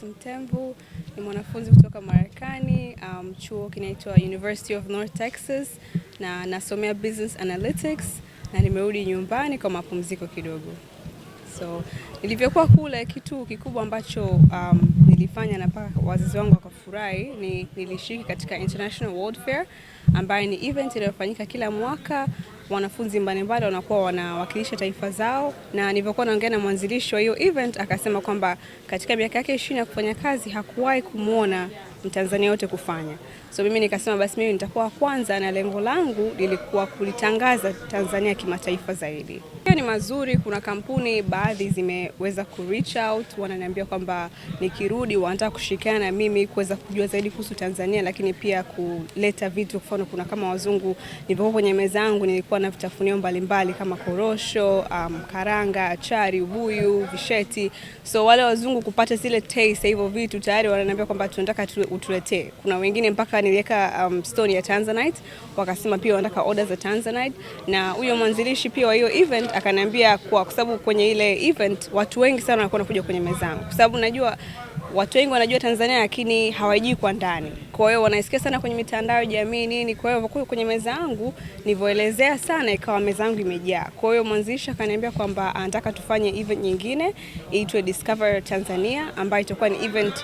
Grace Mtembu ni mwanafunzi kutoka Marekani, um, chuo kinaitwa University of North Texas na nasomea business analytics na nimerudi nyumbani kwa mapumziko kidogo. So nilivyokuwa kule, kitu kikubwa ambacho um, nilifanya na paka wazazi wangu wakafurahi ni nilishiriki katika International World Fair ambayo ni event inayofanyika kila mwaka wanafunzi mbalimbali wanakuwa wanawakilisha taifa zao, na nilivyokuwa naongea na mwanzilishi wa hiyo event akasema kwamba katika miaka yake ishirini ya kufanya kazi hakuwahi kumwona Mtanzania wote kufanya. So mimi nikasema basi mimi nitakuwa kwanza, na lengo langu lilikuwa kulitangaza Tanzania kimataifa zaidi. Hiyo ni mazuri. Kuna kampuni baadhi zimeweza ku reach out, wananiambia kwamba nikirudi wanataka kushirikiana na mimi kuweza kujua zaidi kuhusu Tanzania, lakini pia kuleta vitu. Kwa mfano, kuna kama wazungu, nilipokuwa kwenye meza yangu nilikuwa na vitafunio mbalimbali kama korosho, um, karanga, achari, ubuyu, visheti. So wale wazungu kupata zile taste hivyo vitu tayari wananiambia kwamba tunataka tu utuletee. Kuna wengine mpaka niliweka um, stone ya Tanzanite, wakasema pia wanataka order za Tanzanite, na huyo mwanzilishi pia wa hiyo event akaniambia, kwa sababu kwenye ile event watu wengi sana wanakuwa wanakuja kwenye meza yangu, kwa sababu najua watu wengi wanajua Tanzania lakini hawajui kwa ndani, kwa hiyo wanaisikia sana kwenye mitandao jamii nini. Kwa hiyo kwenye meza yangu nilivyoelezea sana, ikawa meza yangu imejaa. Kwa hiyo mwanzilishi akaniambia kwamba anataka tufanye event nyingine iitwe Discover Tanzania, ambayo itakuwa ni event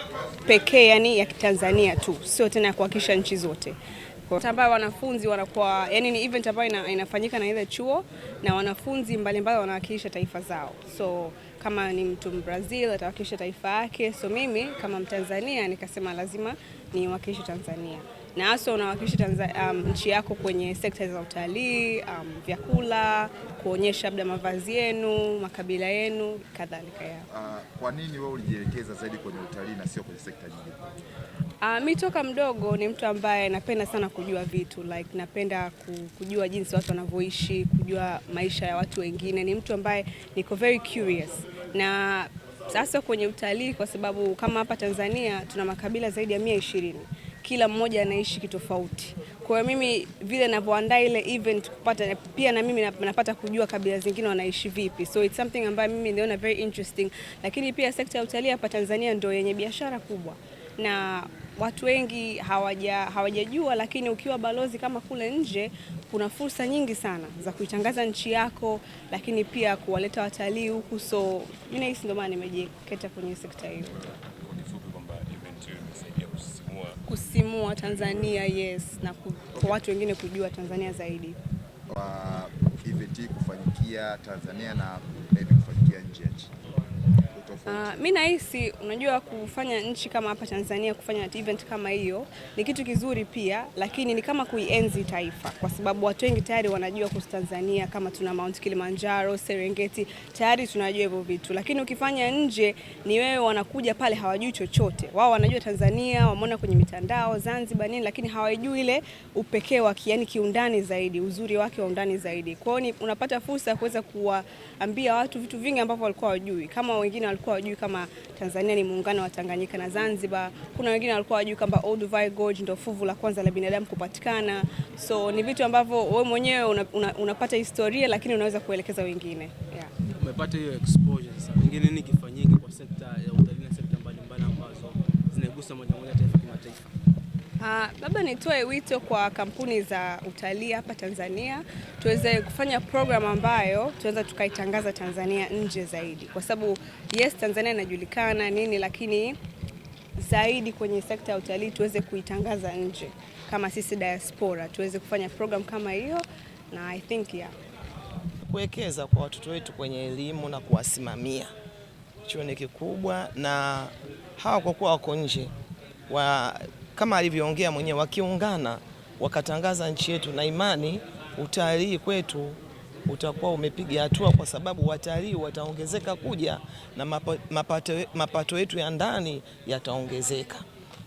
pekee yani ya Tanzania tu, sio tena ya kuhakikisha nchi zote ambayo wanafunzi wanakuwa yani ni event ambayo ina, inafanyika na ile chuo na wanafunzi mbalimbali wanawakilisha taifa zao so kama ni mtu Brazil atawakilisha taifa yake. So mimi kama Mtanzania nikasema lazima niwakilishe Tanzania na hasa unawakilisha um, nchi yako kwenye sekta za utalii um, vyakula, kuonyesha labda mavazi yenu, makabila yenu kadhalika. Uh, kwa nini wewe ulijielekeza zaidi kwenye utalii na sio kwenye sekta nyingine? Uh, mi toka mdogo ni mtu ambaye napenda sana kujua vitu like, napenda kujua jinsi watu wanavyoishi, kujua maisha ya watu wengine. Ni mtu ambaye niko very curious na sasa kwenye utalii, kwa sababu kama hapa Tanzania tuna makabila zaidi ya mia ishirini, kila mmoja anaishi kitofauti. Kwa hiyo mimi vile navyoandaa ile event kupata pia na mimi napata kujua kabila zingine wanaishi vipi, so it's something ambayo mimi niliona very interesting. Lakini pia sekta ya utalii hapa Tanzania ndio yenye biashara kubwa na watu wengi hawaja hawajajua, lakini ukiwa balozi kama kule nje, kuna fursa nyingi sana za kuitangaza nchi yako, lakini pia kuwaleta watalii huku. So mimi nahisi ndio maana nimejiketa kwenye sekta hiyo kusimua Tanzania, yes, na kwa okay, watu wengine kujua Tanzania zaidi kwa event kufanikia Tanzania na maybe kufanikia nje ya nchi. Uh, mi nahisi unajua, kufanya nchi kama hapa Tanzania kufanya event kama hiyo ni kitu kizuri pia, lakini ni kama kuienzi taifa, kwa sababu watu wengi tayari wanajua kuhusu Tanzania kama tuna Mount Kilimanjaro, Serengeti, tayari tunajua hivyo vitu, lakini ukifanya nje ni wewe, wanakuja pale hawajui chochote. Wao wanajua Tanzania, wameona kwenye mitandao Zanzibar nini, lakini hawajui ile upekee wake, yani kiundani zaidi, uzuri wake wa undani zaidi. Kwa hiyo unapata fursa ya kuweza kuwaambia watu vitu vingi ambavyo walikuwa hawajui, kama wengine walikuwa walikuwa wajui kama Tanzania ni muungano wa Tanganyika na Zanzibar. Kuna wengine walikuwa wajui kwamba Olduvai Gorge ndio fuvu la kwanza la binadamu kupatikana. So ni vitu ambavyo wewe mwenyewe unapata una, una historia lakini unaweza kuelekeza wengine yeah. Umepata hiyo exposure sasa, pengine nini kifanyike kwa sekta ya utalii na sekta mbalimbali ambazo zinagusa moja moja taifa kimataifa? Ah, labda nitoe wito kwa kampuni za utalii hapa Tanzania tuweze kufanya program ambayo tunaweza tukaitangaza Tanzania nje zaidi, kwa sababu yes, Tanzania inajulikana nini, lakini zaidi kwenye sekta ya utalii tuweze kuitangaza nje kama sisi diaspora, tuweze kufanya program kama hiyo, na I think yeah, kuwekeza kwa watoto wetu kwenye elimu na kuwasimamia chuo ni kikubwa, na hawa kwa kuwa wako nje wa kama alivyoongea mwenyewe, wakiungana wakatangaza nchi yetu, na imani utalii kwetu utakuwa umepiga hatua, kwa sababu watalii wataongezeka kuja na mapato, mapato yetu ya ndani yataongezeka.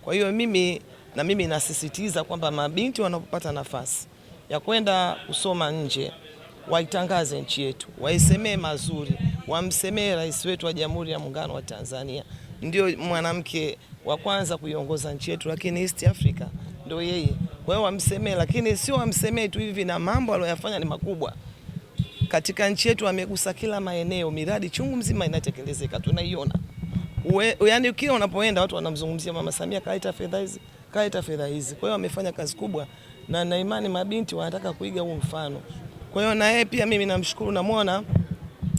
Kwa hiyo mimi na mimi nasisitiza kwamba mabinti wanapopata nafasi ya kwenda kusoma nje waitangaze nchi yetu, waisemee mazuri, wamsemee rais wetu wa Jamhuri ya Muungano wa Tanzania ndio mwanamke wa kwanza kuiongoza nchi yetu, lakini East Africa ndio yeye. Kwa hiyo wamsemee, lakini sio wamsemee tu hivi, na mambo aliyoyafanya ni makubwa katika nchi yetu. Amegusa kila maeneo, miradi chungu mzima inatekelezeka, tunaiona. Yaani kila unapoenda watu wanamzungumzia Mama Samia, kaleta fedha hizi, kaleta fedha hizi. Kwa hiyo amefanya kazi kubwa, na na imani mabinti wanataka kuiga huo mfano. Kwa hiyo na yeye pia mimi namshukuru, namwona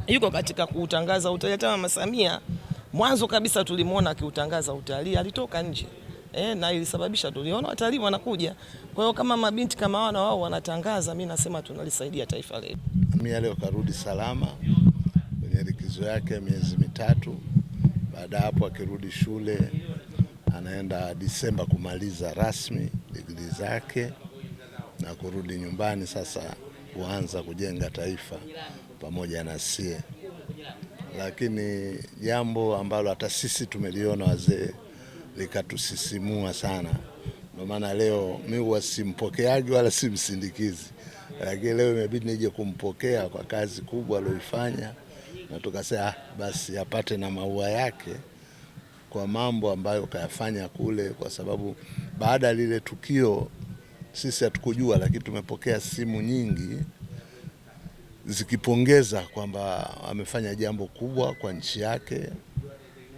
yuko katika kuutangaza utaleta Mama Samia Mwanzo kabisa tulimwona akiutangaza utalii, alitoka nje e, na ilisababisha tuliona watalii wanakuja. Kwa hiyo kama mabinti kama wana wao wanatangaza, mimi nasema tunalisaidia taifa letu. Mia leo karudi salama kwenye likizo yake miezi mitatu. Baada ya hapo akirudi shule anaenda Disemba kumaliza rasmi digrii zake na kurudi nyumbani sasa kuanza kujenga taifa pamoja na sie lakini jambo ambalo hata sisi tumeliona wazee likatusisimua sana. Ndio maana leo mi huwa simpokeaji wala simsindikizi, lakini leo imebidi nije kumpokea kwa kazi kubwa aliyoifanya, na tukasema ah, basi apate na maua yake kwa mambo ambayo kayafanya kule, kwa sababu baada ya lile tukio sisi hatukujua, lakini tumepokea simu nyingi zikipongeza kwamba amefanya jambo kubwa kwa nchi yake,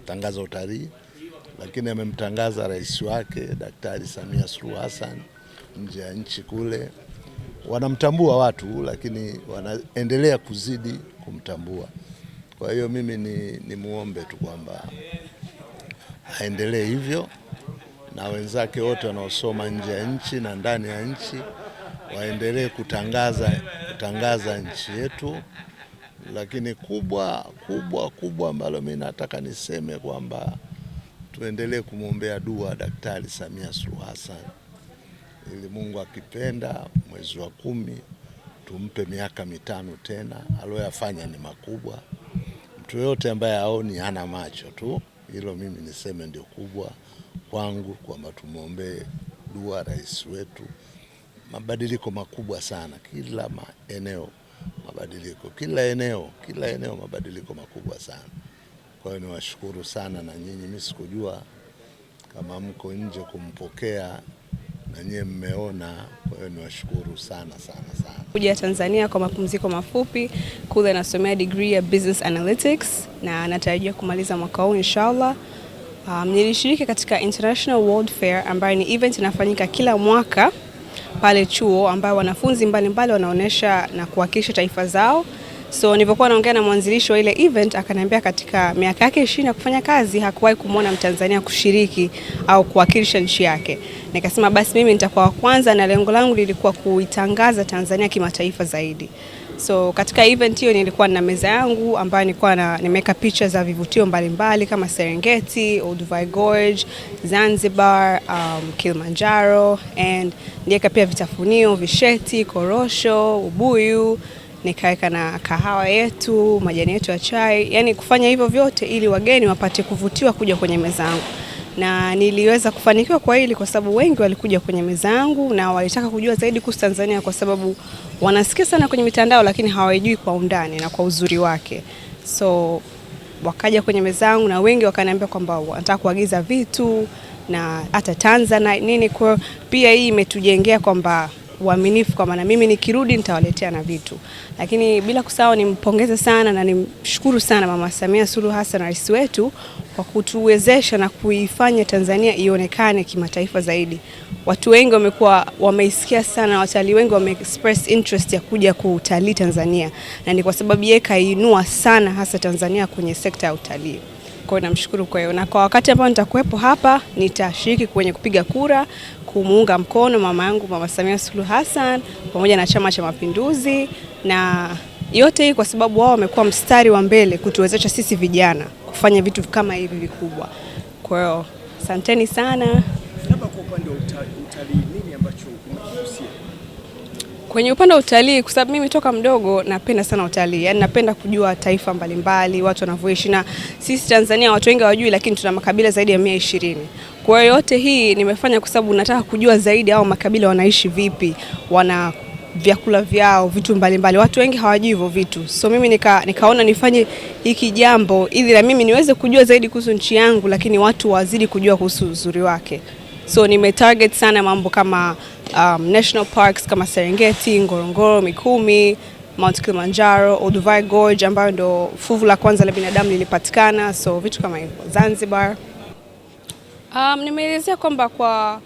tangaza utalii, lakini amemtangaza rais wake Daktari Samia Suluhu Hassan nje ya nchi kule. Wanamtambua watu, lakini wanaendelea kuzidi kumtambua. Kwa hiyo mimi ni, ni muombe tu kwamba aendelee hivyo na wenzake wote wanaosoma nje ya nchi na ndani ya nchi waendelee kutangaza kutangaza nchi yetu, lakini kubwa kubwa kubwa ambalo mimi nataka niseme kwamba tuendelee kumwombea dua Daktari Samia Suluhu Hassan ili Mungu akipenda mwezi wa kumi tumpe miaka mitano tena. Aliyoyafanya ni makubwa, mtu yoyote ambaye aoni hana macho tu. Hilo mimi niseme ndio kubwa kwangu kwamba tumwombee dua rais wetu mabadiliko makubwa sana, kila maeneo mabadiliko, kila eneo, kila eneo mabadiliko makubwa sana. Kwa hiyo niwashukuru sana, na nyinyi mimi sikujua kama mko nje kumpokea na nyie mmeona. Kwa hiyo niwashukuru sana sana sana. Kuja Tanzania kwa mapumziko mafupi, kule nasomea degree ya business analytics na anatarajia kumaliza mwaka huu inshallah. Um, nilishiriki katika International World Fair ambayo ni event inafanyika kila mwaka pale chuo ambayo wanafunzi mbalimbali wanaonyesha na kuwakilisha taifa zao. So nilipokuwa naongea na mwanzilishi wa ile event akaniambia katika miaka yake ishirini ya kufanya kazi hakuwahi kumwona Mtanzania kushiriki au kuwakilisha nchi yake. Nikasema basi mimi nitakuwa wa kwanza, na lengo langu lilikuwa kuitangaza Tanzania kimataifa zaidi. So katika event hiyo nilikuwa na meza yangu ambayo nilikuwa na nimeweka picha za vivutio mbalimbali kama Serengeti, Olduvai Gorge, Zanzibar, um, Kilimanjaro and niweka pia vitafunio, visheti, korosho, ubuyu nikaweka na kahawa yetu, majani yetu ya chai, yani kufanya hivyo vyote ili wageni wapate kuvutiwa kuja kwenye meza yangu na niliweza kufanikiwa kwa hili kwa sababu wengi walikuja kwenye meza yangu na walitaka kujua zaidi kuhusu Tanzania, kwa sababu wanasikia sana kwenye mitandao, lakini hawajui kwa undani na kwa uzuri wake. So wakaja kwenye meza yangu na wengi wakaniambia kwamba wanataka kuagiza vitu na hata Tanzania nini. Kwa pia hii imetujengea kwamba uaminifu, kwa maana mimi nikirudi nitawaletea na vitu. Lakini bila kusahau nimpongeze sana na nimshukuru sana Mama Samia Suluhu Hassan, rais wetu, kwa kutuwezesha na kuifanya Tanzania ionekane kimataifa zaidi. Watu wengi wamekuwa wameisikia sana, watalii wengi wame express interest ya kuja kutalii Tanzania, na ni kwa sababu yeye kainua sana hasa Tanzania kwenye sekta ya utalii kwa hiyo namshukuru kwa hiyo, na kwa wakati ambao nitakuwepo hapa nitashiriki kwenye kupiga kura kumuunga mkono mama yangu Mama Samia Suluhu Hassan pamoja na Chama cha Mapinduzi, na yote hii kwa sababu wao wamekuwa mstari wa mbele kutuwezesha sisi vijana kufanya vitu kama hivi vikubwa. Kwa hiyo asanteni sana. Labda kwa upande wa utalii, nini ambacho Kwenye upande wa utalii, kwa sababu mimi toka mdogo napenda sana utalii, yaani napenda kujua taifa mbalimbali watu wanavyoishi, na sisi Tanzania watu wengi hawajui, lakini tuna makabila zaidi ya mia ishirini. Kwa hiyo yote hii nimefanya kwa sababu nataka kujua zaidi hao makabila wanaishi vipi, wana vyakula vyao, vitu mbalimbali mbali. Watu wengi hawajui hivyo vitu, so mimi nika, nikaona nifanye hiki jambo ili na mimi niweze kujua zaidi kuhusu nchi yangu, lakini watu wazidi kujua kuhusu uzuri wake. So nimetarget sana mambo kama um, national parks kama Serengeti, Ngorongoro, Mikumi, Mount Kilimanjaro, Olduvai Gorge ambayo ndo fuvu la kwanza la binadamu lilipatikana, so vitu kama hivyo. Zanzibar, um, nimeelezea kwamba kwa,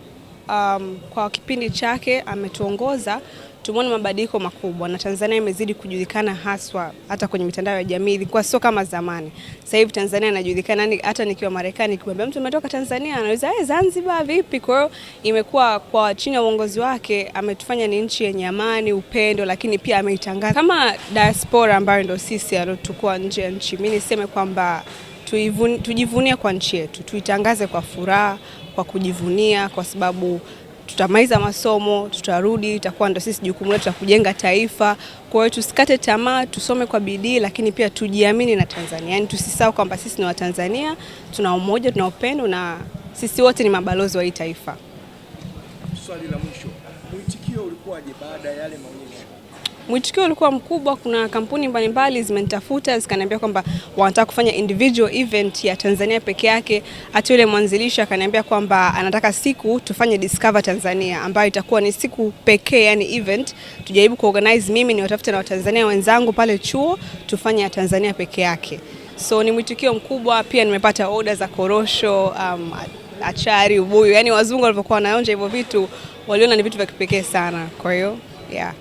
um, kwa kipindi chake ametuongoza tumeona mabadiliko makubwa na Tanzania imezidi kujulikana haswa hata kwenye mitandao ya jamii. Ilikuwa sio kama zamani. Sasa hivi Tanzania inajulikana, hata nikiwa Marekani nikimwambia mtu umetoka Tanzania anaweza eh, Zanzibar vipi? Kwa hiyo imekuwa kwa chini ya uongozi wake ametufanya ni nchi yenye amani, upendo, lakini pia ameitangaza kama diaspora ambayo ndio sisi alotukua nje ya nchi. Mimi niseme kwamba tujivunie kwa nchi yetu, tuitangaze kwa furaha, kwa kujivunia kwa sababu tutamaliza masomo, tutarudi, itakuwa ndo sisi jukumu letu la kujenga taifa. Kwa hiyo tusikate tamaa, tusome kwa bidii, lakini pia tujiamini na Tanzania, yani tusisahau kwamba sisi ni Watanzania, tuna umoja, tuna upendo na sisi wote ni mabalozi wa hii taifa. Swali la mwisho, mwitikio ulikuwaje baada ya yale maonyesho? Mwitikio ulikuwa mkubwa. Kuna kampuni mbalimbali zimenitafuta zikaniambia kwamba wanataka kufanya individual event ya Tanzania peke yake. Hata yule mwanzilishi akaniambia kwamba anataka siku tufanye Discover Tanzania ambayo itakuwa ni siku pekee, yani event tujaribu kuorganize, mimi ni niwatafute na Watanzania wenzangu pale chuo tufanye ya Tanzania peke yake. So ni mwitikio mkubwa. Pia nimepata oda za korosho, um, achari, ubuyu, yani wazungu walivyokuwa wanaonja hivyo vitu waliona ni vitu vya kipekee sana, kwa hiyo yeah.